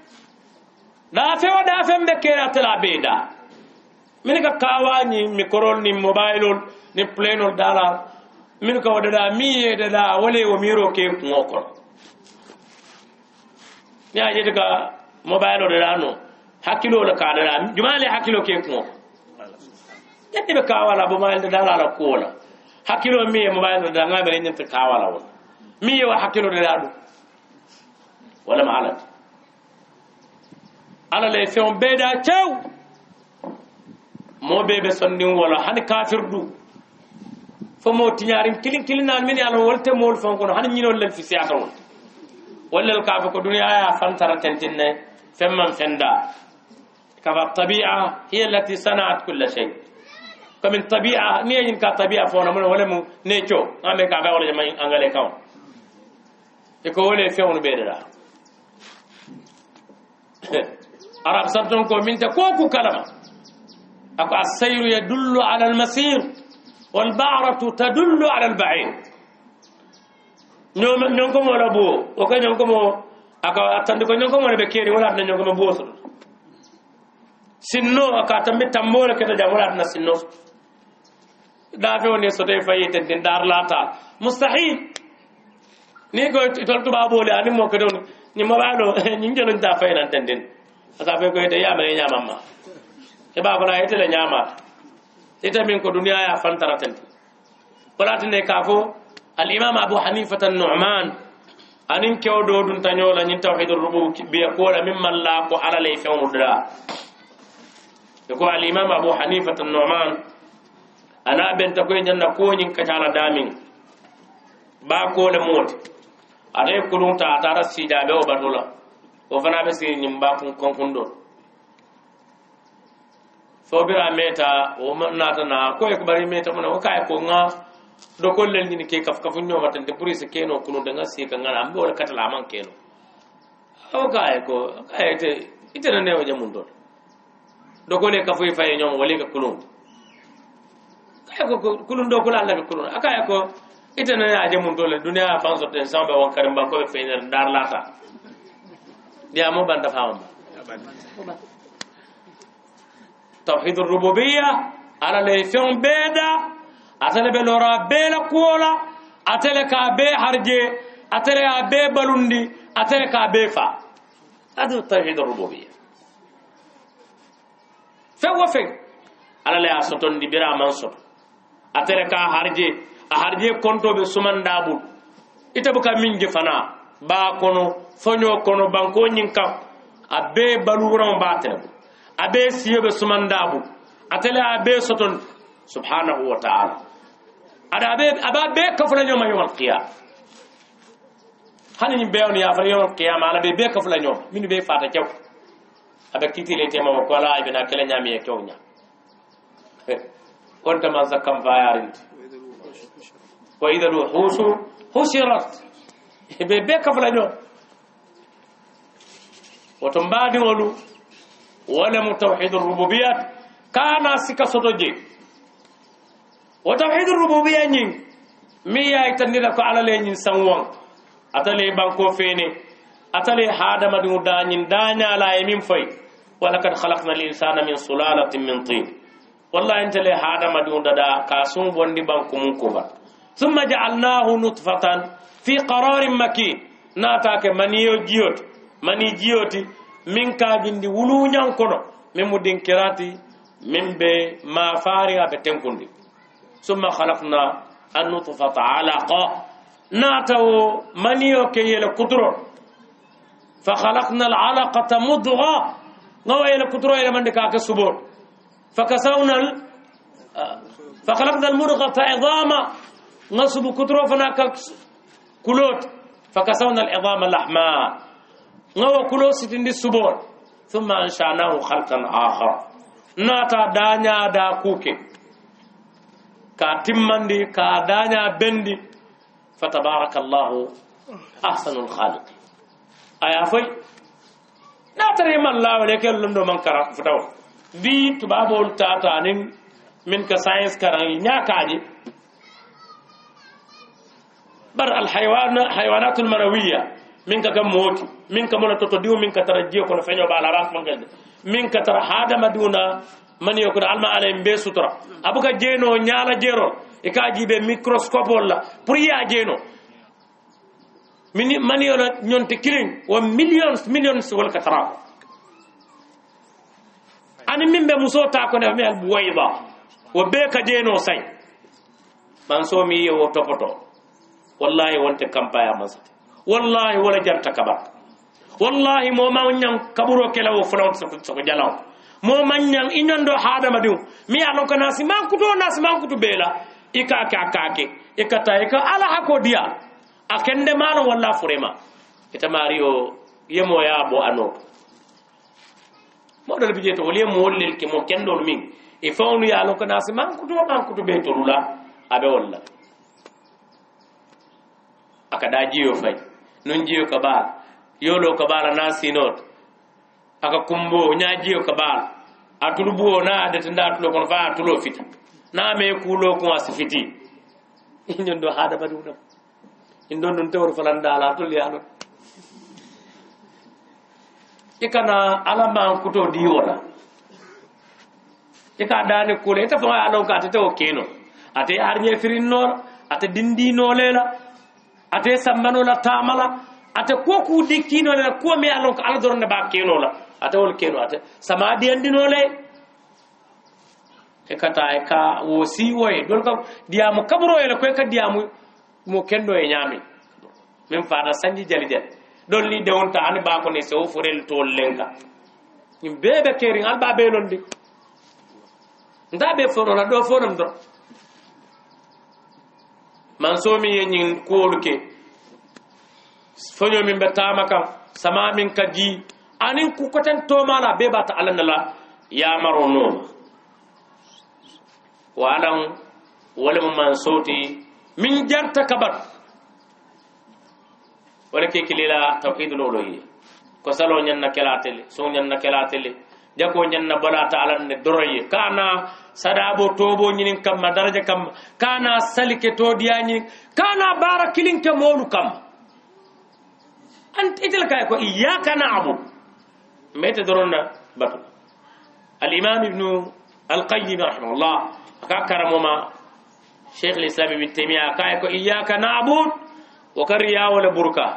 daafewo daafembe keeratela beeda min ka kawañi microl ni mobile ol ni plainol dala min ka waɗaɗa mi yeedaɗa wale wo miro ke kuŋo kon ni a ƴetika mobile o ɗaɗa noon hakkilo le kaɗaɗa jumale hakkilo ke kuŋo ƴetɗi ɓe kawala mobile ɗa dala la kuwola hakkilo mi ye mobile ɗaɗa gaɓe reñinta kawala on mi yewa hakkilo ɗaɗa ɗum walla ma alati ala lay feŋo bee daa cew moo bee be sonniŋ wo la hani kafirdu fo moo tiñaariŋ kiliŋ kiliŋ naani miŋ ye a loŋ wolu te moolu faŋ kono hani ñinoolu le fisiyaata wolu wolu lelu ka a fo ko duniyaa ye a fantara tentin ne feŋ maŋ feŋ daa kaba tabia hiya allati sanaat kulla shay komin tabia ni ye ñiŋ ka tabia fo na mu ne wo le mu ne coo ŋa ka a be wo le jama angale kaŋo e ko wo le feŋolu bee arab sarton ko minta koku kalama ako assayru yadullu ala almasir walbaratu tadullu ala albair ñonkomo wala bowo oko ñonkomo aka attandi ko ñonkomone ɓe keeri wala atna ñonkomo booto sinno aka tambi tambole keta jam wala atna sinno ɗafewoni sotoy fayi tentin darlata mustahil ni ko tol tubaɓoli animo kedoni ñimo ɓaɗo ñin jeloñta fayinan tentin asafe ko ite yamene ñamamma keɓa fana ita la nyama ita min ko duniya ya ne kafo al imam abu hanifa tan nu'man anin kew do dun tañola ñin tawhidu ko kola min malla ko ala ley fewnu ko al ko abu hanifa tan nu'man ana benta e ko nyin ka tala damin ba kole moote aɗa ye kulunta da be o batula wo fana be siri ñiŋ baakun konkundo fo bira meta wo naata na ko ye bari meta muna wo kaye ko ŋa dokol lel ñini ke kaf kafu ñoma tante pour se keno kunu danga sika ŋana ambe wala katala aman keno wo kaye ko kaye te itena newo jamun dol dokole kafu faye ñoma wali ka kulun kaye ko kulun dokol Allah be kulun akaye ko na ne jamun do le duniya fan sotten sambe won ba ko be feynere dar lata ɓiyamo banda famama tawhidu rububiya ala ley feŋ beeda atele ɓe lora beela kuwola atele ka be harje atele a be balundi atele ka be fa adu tawhidu rububiya feŋ wo feŋ ala le a sotondi bira aman soto atele ka harje a harje kontoɓe sumandabul ite buka min je fana baa kono fonyo kono banko nyin kam a balu baluwuraŋo be a tele bulu a bee be sumandaa bulu ate a soton subhanahu wa taala ada a be a nyom ayo al qiyam qiyama hani ñiŋ beewoni ye a fara yowal qiyama ala be be kafla nyom min be fata kew a kitile tema ko ala ibna kala nyami e ye kew ñaam wonta man sa kam fayarinti wa ida lwuhusu husirat be be kafla nyom وتنبادي ولو ولم توحيد الربوبيات كان سكا صدجي وتوحيد الربوبيات نين مي ايتني لك على لين سنوان اتالي بانكو فيني اتلي هادم دو دانين دانيا لا يمين فاي ولقد خلقنا الانسان من سلاله من طين والله انت لي هادم دو ددا كاسون بوندي بانكو مونكو ثم جعلناه نطفه في قرار مكين ناتاك منيو جيوت mani jiyoti min kaagindi wuluñan kono min mu dinkirati min be ma faariŋa be tenkundi summa halakna annutfata alaqa naata wo maniyo ke yele kuturo fa halakna alalaqata mudga ŋawa yele kuturo yelemandi kaa ke subol fa kasawna fa halakna almudgata idama ŋa subu kuturo fana ka kulot fa kasawna alidama ngawa kulo sitindi subol thumma anshanahu khalqan akhar nata danya da kuke ka timmandi ka danya bendi fatabarakallahu ahsanul khaliq aya fay foy natare man lawale kel londo man kara futaw bi tubabol tata nin min ka science karan nyakaji bar al hayawan hayawanat al min ka gam mooti min ka mola toto diw min ka tara jiyo kono feño ba alaba ko ngelde min ka tara hadama diwna mani ko alma ala en be sutura abuka jeno nyaala jero e ka jibe microscope wala pour ya jeno min mani ona nyonte kilin wa millions millions wala ka tara ani min be muso ta ko ne mi al boyba wa be ka jeno say man so mi yewo topoto wallahi wonte kampaya masata wallahi wala jarta kaba wallahi momaw ñan kaɓuro kelawo folawo soko jalawo moma ñan i ñando hadama diw mi ya lon ko nasi mankuto nasi mankutu beela i kake a kake i kata i ka ala hako diya a kende mano walla forema ita mari o yemoya bo ano moɗol bije to wol yemo wollel ke mo kendol min i e fawnu ya lon ko nasi mankuto mankutu be torula aɓe walla aka da jiyo fayi non jeyo ka baal yolo ka baala na sinoto aka kumbo ña jeyo ka baal a tulu buwo na adete nda tulo kono fa a tulo fita name kulo kon a si fiti ñon do hadabaduunam in don ɗum tewor falandala tol yalon i kana alaman kuto diwola i ka dani kule ita fonga alon ka ata tewo keno ata yarñe firinnoro ata dindinolela ate sambanola tamala ate ko ku dikkinole la ko mi alon ko ala dorne ba kenola ate wol keno ate sama di andinole e kata e ka wo si woye dol ko diamu kabro ele ko e ka diamu mo kendo e nyami min fada sanji jali jali dol ni de wonta ani ba ko ne se o forel to lenga nim bebe keri alba be londi nda be fodo la do fodo dro man somi ye ñin kuwolu ke foño min be tama kam sama min ka ji anin ku koten tomala be bata alla nala yamaro noma waɗan walemu man soti min jarta kabat wala ke kilila tawhidul uluhi ko salo ñanna kelatele so ñanna kelatele jako ñanna balata alanne doroye kana sadabo tobo ñinin kamma daraja kamma kana salike todiya ñinin kana bara kilinke molu kamma an itel kay ko iyaka na'budu mete doronna batu al imam ibnu القيم رحمه الله أكاكر مما شيخ الإسلام ابن تيمية أكاك إياك نعبد وكريا ولا بركة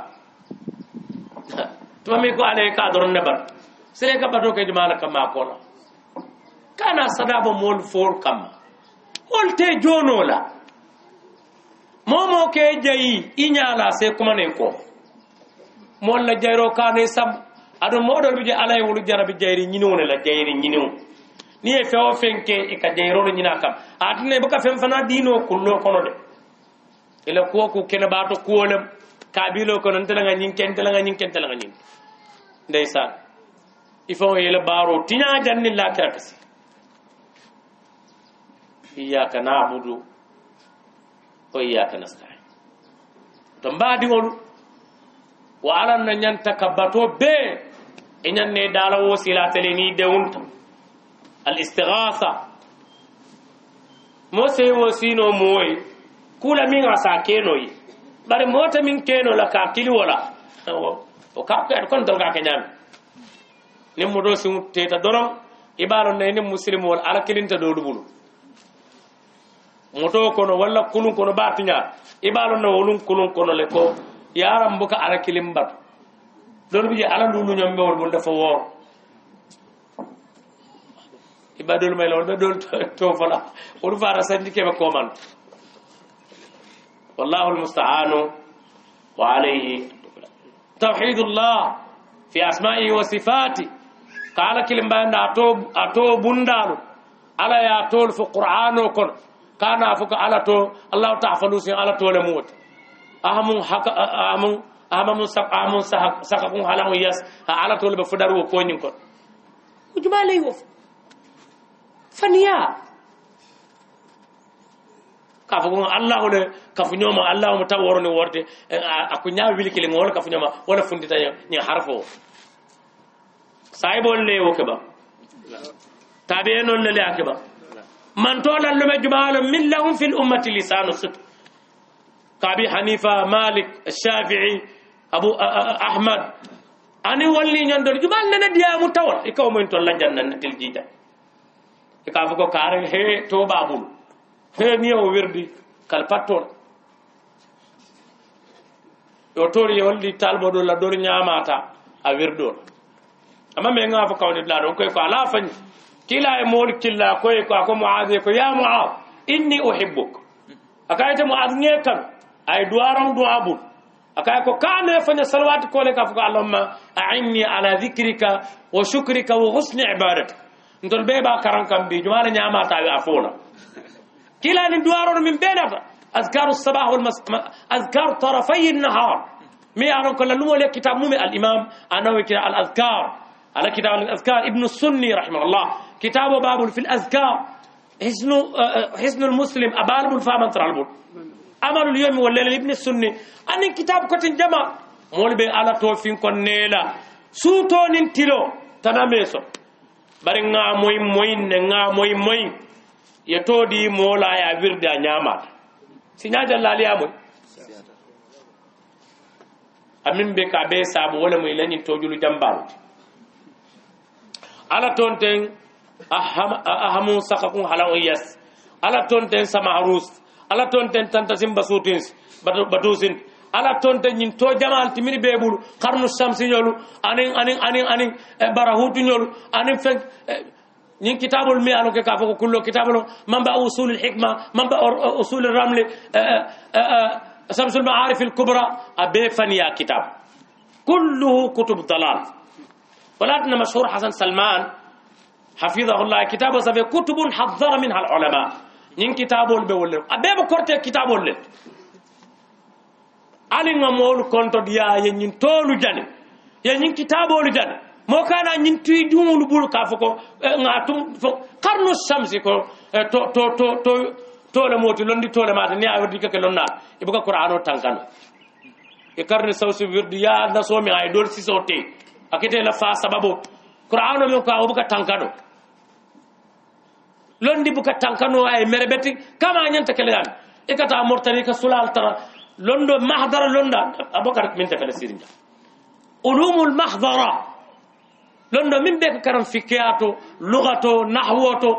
تمامي عليك أدرن نبر سليك بدوك إجمالك ما أقوله kana sadaba mool fool kamma mool te jonola momo ke jayi i ñala se kumanen ko mool la jayro kane sab aɗo moɗol bije alaye wolu jarabi jayri ñinew ne la jayri ñinew ni ye fewo fenke i e ka jayrolo ñina kam atine boka fen fana dino kullo kono de ila kuwo ku kenebato kuwolem kabilo kono ntelaga ñinke ntelaga ñinke ntelaga ñinke ndeysan i fao yele baro tiña jannilla kirakasi iyaka nabudu o iyaka nastahin to mbadi olu wa aranna ñanta kabbato be e ñanne dalawo silatele ni dewunta al istigasa mo sey wo sino mooye kula min asa kenoyi bare moota min keno la ka kiliwola o kapkeat kono dolga ke ñami nin mo do sin teta doron ibalo nayi nin musilim wol ala kilinta doɗubulu moto kono walla kulun kono batiña i ɓa lonno kulun kono leko ko yaran boka ala kilim batu dolu ɓije ala luluñomɓe wol mum dafa woor i ɓa dolu mayla wol ɓe to fola wolu fata sandi keɓe koman wallahu lmustaanu wa alayhi tawhidullah fi asmaihi wa sifati ka ala kilim mbayanda a to bundanu ala ya tol kana fuka alato allah ta afalu sin alato le muwata amun haka amun sa amun sa sa ka kun halamu yas ha alato le fudaru wo nyin ko kujuma le wo faniya ka fo kun allah le ka fu nyoma allah mu taworo ni worde eh, akunya wili kile ngol ka fu nyoma wala fundita ni harfo saibol le wo ke ba tabe non le le akiba من تولى لما جبال من لهم في الأمة لسان الصدق كابي حنيفة مالك الشافعي أبو أحمد أنا ولي نندل جبال لنا ديا متول إكو من تولى جنة نتل جيدا إكافو كارن هي تو بابول هي نيو ويردي كالباتول يوتول يولي تالبو دولا دور نياماتا أويردور أما ميغا فو كاوني بلادو كيف على كلا مولك كلا كوي كوا كوا معاذ كوا يا معاذ إني أحبك أكايت معاذ نيكم أي دوارم دوابون أكايت كوا كان يفني سلوات كولي كفك اللهم أعني على ذكرك وشكرك وحسن عبارك نتول بيبا كرم كم بي جمال نعمة تابي أفونا كلا ندوارون من بين أذكار الصباح والمساء أذكار طرفي النهار مي أنا كل لوم لك كتاب مومي الإمام أنا وكذا الأذكار على كتاب الأذكار ابن السني رحمه الله kitabu babul fi l azcar hisnu eh, hisnul muslim abalbul famantaralbul amalul yomi wallel ibne sunni anin kitabu kotin jama mol ɓe ala to fin kon nela suutonin tilo tana meeso bari gamoy moyne gamoy moy ye toodi molaya wirde a ñamata siñajallaliyamoy amin ɓe ka ɓe saabu wolemoy lañin tojulu jambaluti ala toon ten ahamu sakakun halan yas ala ton ten samarus ala ton ten tantasim basutins batusin ala ton ten ñin to jamal timiri bebul xarnu samsi ñolu anin anin anin anin barahutu ñolu anin fek ñin kitabul mi ano ke ka foko kullo kitabul mamba usul hikma mamba usul ramli samsul maarif al kubra abe faniya kitab kulluhu kutub dalal ولكن مشهور حسن سلمان hafidahullah kitabo safi kutubun haddara min ha lulama ñin kitabol ɓe wolle a ɓeɓe korte kitabol le aliga moolu konto ya ye ñin toolu jane ye ñin kitabolu jane mo kana ñin tuy jumulu bul ka foko eh, ga tum karnu samsi ko eh, to to to to toole mooti londi toole mata ni a wirdikake lonna ibuka qouran o tankano e karni sawsi wirdi ya nasomi ha e dol siso te a kete la fa sababo qouran o min ko a obuka tankano londi buka tankano ay merebeti kama nyanta kelegan ikata mortani ka sulal tara londo mahdara londa abokar min tafala sirinja ulumul mahdara londo min be karam fikiyato lugato nahwoto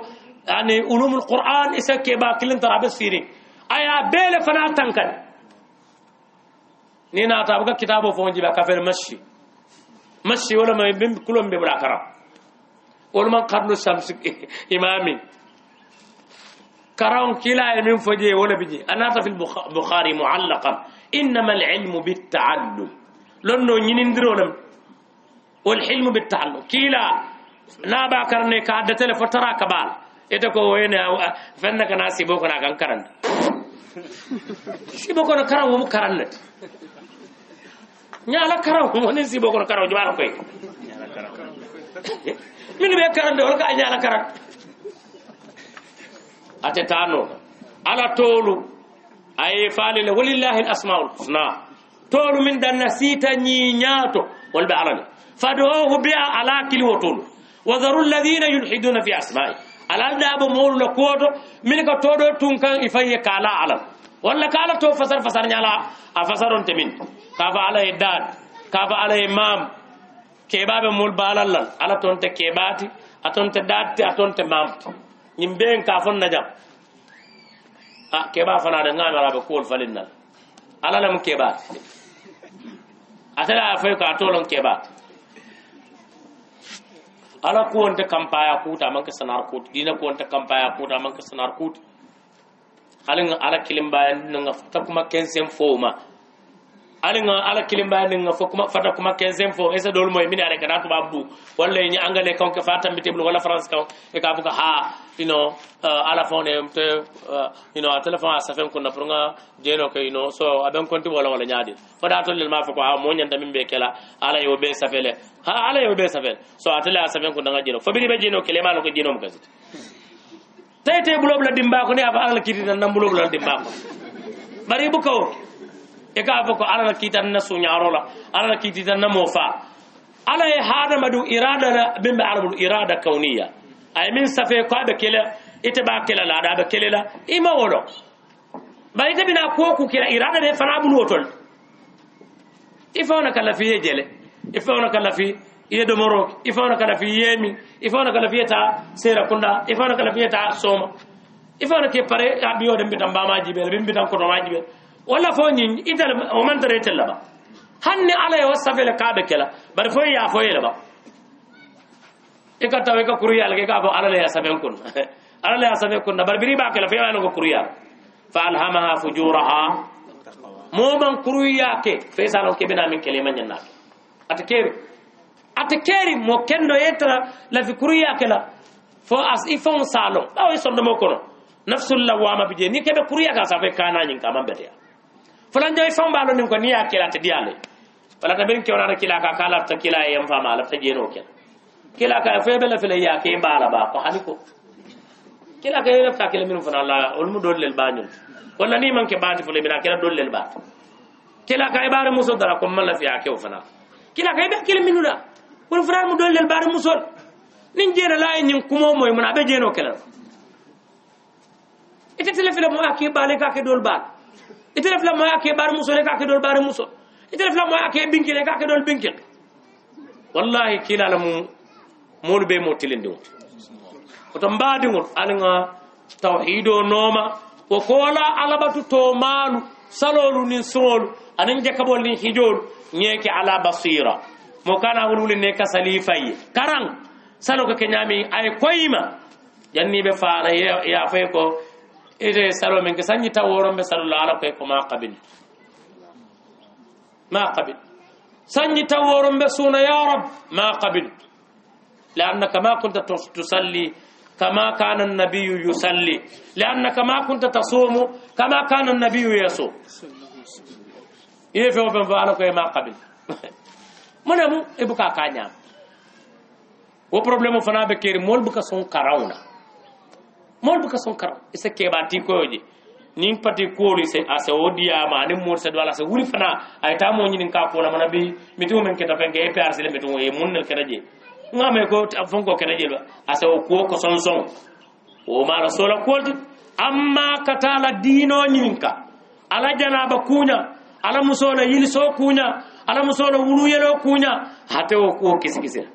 yani ulumul qur'an isa ke ba kilin tara basirin aya bele fana tankan ni na ta buka kitabo fonji ba kafel mashi mashi wala min kulon be brakara wala man qarnu shams imami كراون كلا من فجي ولا بجي أنا في البخاري معلقا إنما العلم بالتعلم لأنه ينندرون والحلم بالتعلم كلا لا باكرني كعدة لفترة كبال إتكو وين فنك ناس يبوكنا كان كرن سيبوكنا كرن ومو كرنت ñala karaw woni sibo kono karaw jumala koy ñala karaw min be كرن. ate taanoo ala toolu a ye faale le walillahi alasmaul husna toolu min danna siita ñiiñaato wol ɓe ala ne fadoohu be a ala kiliwoo toolu wa daru lladina yulhiduna fi asma'i alal ɗaɓo mawlu la kuwoto min ka toɗo tun kan i faye ka ala alal walla ka ala to fasar fasar ñala a fasaronte min ka fa ala ye dad ka fa ala ye mam keɓaɓe mol baalal lal ala toon te keɓaati a toon te daatti a toon te mamti ñiŋ beŋ ka fo na jam a keba fana de ŋa mara be kuwol falin na ala lemu keba ate la a fo ka tolon keba ala kuwonte kampaya kuta amanke sanar kut dina kuwonte kampaya kuta amanke sanar kut haliŋ ala kilimbayan naŋa ta kuma kensen ma. aninga ala kilimba nga fo kuma fata kuma 15 fo esa dol moy min are kana to babu wala ni angale kon ke fata mi tebul wala france kaw e ka buka ha you know uh, ala fone te uh, you know a telephone a safen kunna pour nga jeno ke you know so adan konti wala wala nyaadi fada to lel ma fo ko ha mo nyanda min be kala ala yo be safele ha ala yo be safel so atela a safen kunna nga jeno fo bi be jeno ke le ma lo ko jeno mo kasit tay tay bulo bulo dimba ko ne fa ala kiti nan bulo bulo dimba ko bari bu ko e ka fo ko ala la kiitanna suñaaro la ala la kiititanna moo faa ala ye hadamadu irada la min be arabul irada kawniya aye min safe ko aɓe kele ite ɓa kela laaɗa aɓe kele la ima wolo bari ite bina koku kela irada de fana ɓulu wotol i fewna ka lafi ye jele i fewna ka lafi iye domoroke i fewna ka lafi yemi i fewna ka lafi yeta sera kunda i fewna ka lafi yeta sooma i fewna ke pare a ɓiyode mbitan mbamaji ɓele min mbitan kotomaji ɓele wala fo ñin itel o mantara itel laba hanni ala ye wo safele kaabe kela bari fo ya fo yeleba i ka taw i ka kuruyala ke ka fo ala la ya safen kunna ala la ya safen kunna bari biri ba kela fo yawa ko kuruyala fa alhamaha fujuraha moman kuruya ke fe salon ke bena min kelema nyanna ata keri ata keri mo kendo yetra la fi kuruya ke la fo as ifon salon bawo sondo mo kono nafsul lawama bije ni kebe kuruya ka safe kana nyin kama betea فلان جاي فهم بالو نيم كنيا كلا تديالي فلا تبين كيو نار كلا كلا تكلا يم فما لا تجينو كلا كلا كافي بلا فيلا يا كي بالا با فحالكو كلا كي يلف تكلا منو فنا لا علم دول للبانيو ولا ني مانك باتي فلي بلا كلا دول للبا كلا كاي بار موسو درا كوم مالا فيا كيو فنا كلا كاي بك كلا منو لا ولو فرا مو دول للبار موسو نين جينا لا نين كومو موي منا بجينو كلا اتتلف لمو اكي بالي كاكي دول بار ite ref lamoye ake ɓaare muso ne ka ke dol ɓaare muso ite ref lamoye ake ɓinkel e ka ke dol ɓinkel wallahi kiilala mum moolu ɓe mo tilindiŋol koto mbaadiŋol alaga tawhido nooma ko koola alabatu to maalu saloolu nin suŋolu aniŋ jakkabol nin hijoolu ñeeke ala basira mo kana hulwuli ne kasali faye karaŋ saloko ke ñaami aye koyima janniɓe faala ye yaafaye ko إذا salo men ke sañita woromɓe الله على koye ko قبل ما قبل qabil sañita بسونا يا رب ما قبل لأنك ما كنت تصلي كما كان النبي يصلي لأنك ما كنت تصوم كما كان النبي يصوم يفهم فهم فعلك ما قبل من أبو إبكا كانيام وبروبلمو فنا بكير مول بكسون كراونا moolu buka son karam i se keebaa tiikoyo je pati kuolu se a se wo ma ni moolu se do se wuri fana ay ta mo moo ka koona mana bi mitu men keta feŋ ke epr se le mitiŋo ye muŋ nel keta je ŋa me ko fonko keta je a se wo ko son son o ma rasul ko ti amma ka la ka ala janaba kuuña ala musoo la so kunya ala musoo la wuluyeloo kuuña hate wo kuwo kisikisi la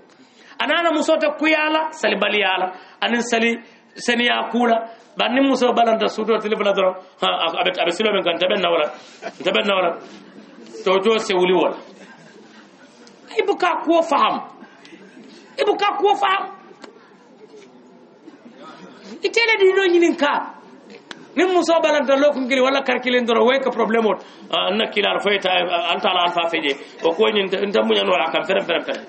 anaŋ ala musoo te kuyaa sali salibaliyaa la aniŋ sali seniya kuula ba ni muso balanta suutoo téléphone a doron aɓe siloomen kan taɓe nawla taɓe nawla to joo sewli wola ibu ka kuwo faham ibu ka kuwo faham itele ɗi ino ñinin ka nin muso balanta lookun kili walla kar kilin doro woyke probléme ot anna kilaar foyta antala alfa feƴe o kuwo ñin nta muñanoola kan ferem ferem fere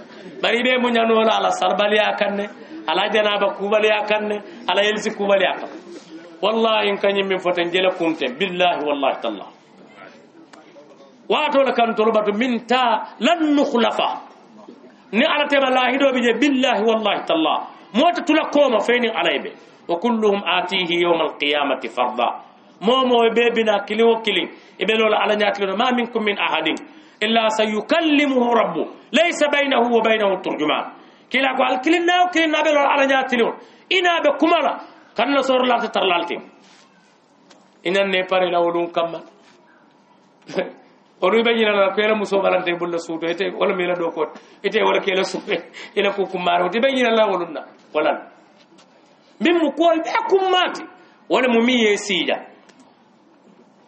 bari ɓe muñanoola ala salbaliya kanne ala janaba kubaliya kanne ala yelsi kubaliya kan wallahi n kañim min foten jele kumten billahi wallahi tallah wato la kan tolobatu min ta lan nuhlafa ni ala tema hido je billahi wallahi tallah mota tula kooma feynin alay wa kulluhum atihi yawma alqiyamati farda momo ɓe bina kili o kilin eɓe lola ala ñatilino ma minkum min ahadin illa sayukallimuhu rabbu laysa baynahu wa baynahu kila ko alkilin na o kilin na be lor ala nya tilio ina be kumala kan na sor la tar lalti inan ne pare la wulun kamma o be nyina la kela muso balante bulla suuto ete wala mi la do ko ete wala kela suuto ila ko kumaro te be nyina la wulun na wala min mu ko be kummati wala mu mi yesida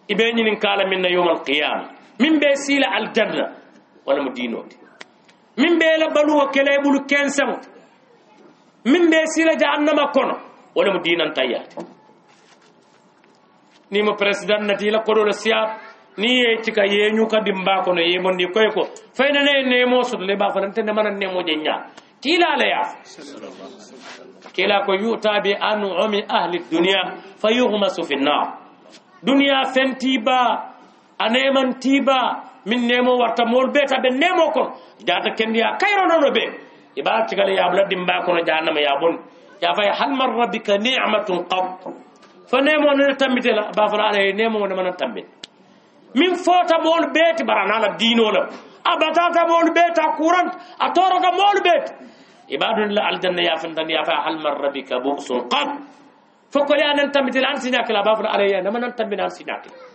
ibe nyinin kala min na yawmal qiyam min be sila aljanna wala mu dinoti min ɓeela baluwo keleɓulu e kensengo min ɓe sila jahannama kono wonemo dinanta yaade nimo président natila koɗole siyaɓ ni yeccika yeeñu kadi mba kono yimonndi koye ko faynane e nemo sodo le bafadante nde mana nemoje ñaa kiilaala yaa kiila ko yuta bi an umi ahli duniya fa yuhmasu fi nar duniya fentiba a nemantiba min nemo warta mool beeta ɓe nemo kon jata kendiya kayronono ɓe iɓa cigala yabla dimba kono jahannama yabon ya fay hal marra bika nimatun qat fo nemo nene tambitela ba fana ala nemo nemana tambit min fota mool beeti baranala diinola a batata mool beeta courant a torata mool beeti iɓaɗonla aljanna yafantan ya fay hal marra bika busun qat fo koye anan tambitela an sinakila ba fana ala ye nemana tambina an sinakila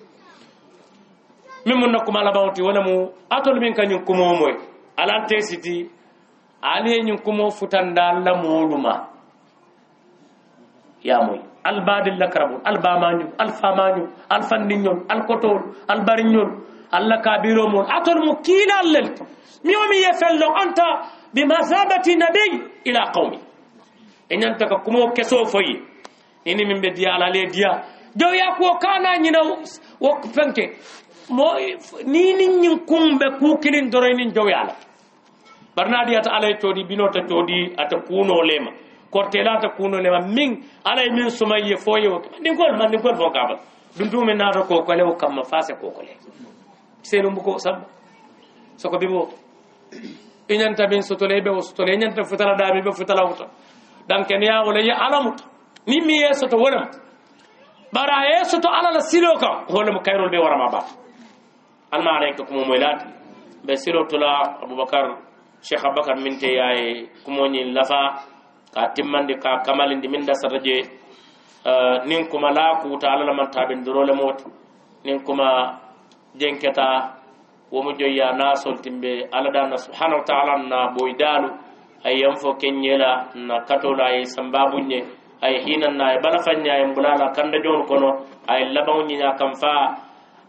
min mun nokkuma alabawoti wonamu atol min kañum kumomoy alante siti aliye ñum kumo futanda lamoluma yamoy albadilla karabol albamañum alfamañum alfandiñol alkotol albariñol allah kabiromol atol mo kiinal lel mi omi yefello anta bimasabati nabiy ila qawmi e ñanta ko kumo keso foyi ini min ɓe diya alaale diya jowiya kuwo kana ñina wo fenke mo ni nin ñin kumɓe kukinin doroynin jowe ala bar naɗi ata alaye coodi binota coodi ata kuno lema kortela ata kuno lema min alaye min sumayye fo yewo ndinkol ma ndinkol fo kabal ɗum ɗumi nata kokole o kamma fase kokole senumbu ko samba soko bibo iñanta min sotole ɓe o sotole iñanta futala ɗami ɓe futala wuta donc en yawole ye alamuta ni mi yesoto wonam ɓara yesoto alala silo kam holemo kayrol ɓe warama baata almaare ke kumo moy laati be sirotula aboubacar cheikh abacar min te yaay kumoñin lafa ka timmandi ka kamalindi min dasata je uh, nin kuma la kuuta alalamantaɓe ndirole moti nin kuma jenketa womo joyya nasoltimɓe aladana subhanahu wa taala na boy daalu ay yam fo kenñela na katola ay sambabuñe ay hinanna ay balafañe ay mbulala kanda jonu kono ay labaŋñiña kam faa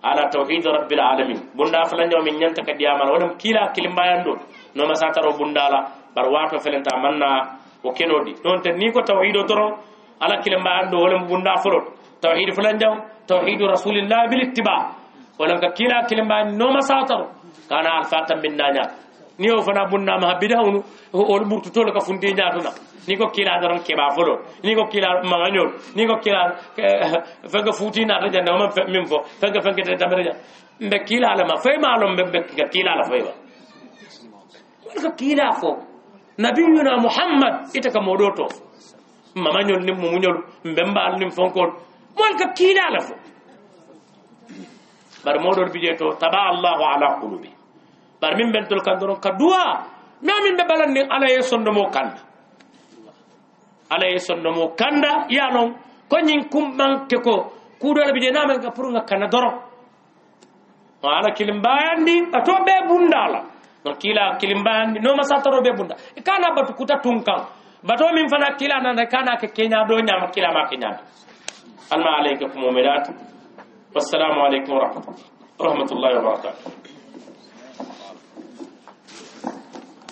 على توحيد رب العالمين بندا فلان يوم من ينتك ديامان ولم كلا كلمة يندون نوما ساترو بندالا برواق فلان تعملنا وكينو دي نون تنيكو توحيد وطرون على كلمة يندون ولم بندا فلان توحيد فلان يوم توحيد رسول الله بالاتباع ولم كلا كلمة نوما ساترو كان الفاتم من نانيا ni o fana bunnama bidawnu ol ɓurtutolo ka funti ñatuna ni ko kila daron keɓa folol ni ko kila magañol ni ko kila fenke fuuti nata jande oma min fo fenke fenke te tamere jan mbe kilalama foy malom ɓe ɓe ka kilala foywa wonka kiila fo nabiyuna muhammad ita ka moɗo to mamañol nin mumuñol mbembal nin fonkol wonka kiilala fo bare moɗol bije to taba allahu ala qulubi bar min bentul kan doron ka dua ma nah, min be balan nin ala ye mo kanda ala ye mo kanda ya non ko nyin kumban ke ko kudol bi na namen ka pour nga kana doron ala kilimbayandi ato be bundala no kila kilimbayandi no masataro be bunda kana batu kuta tunkan bato min fana kila na kana ke kenya do nyama kila ma kenya alma alaykum mu'minat wassalamu alaykum wa rahmatullahi wa barakatuh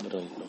Здравствуйте.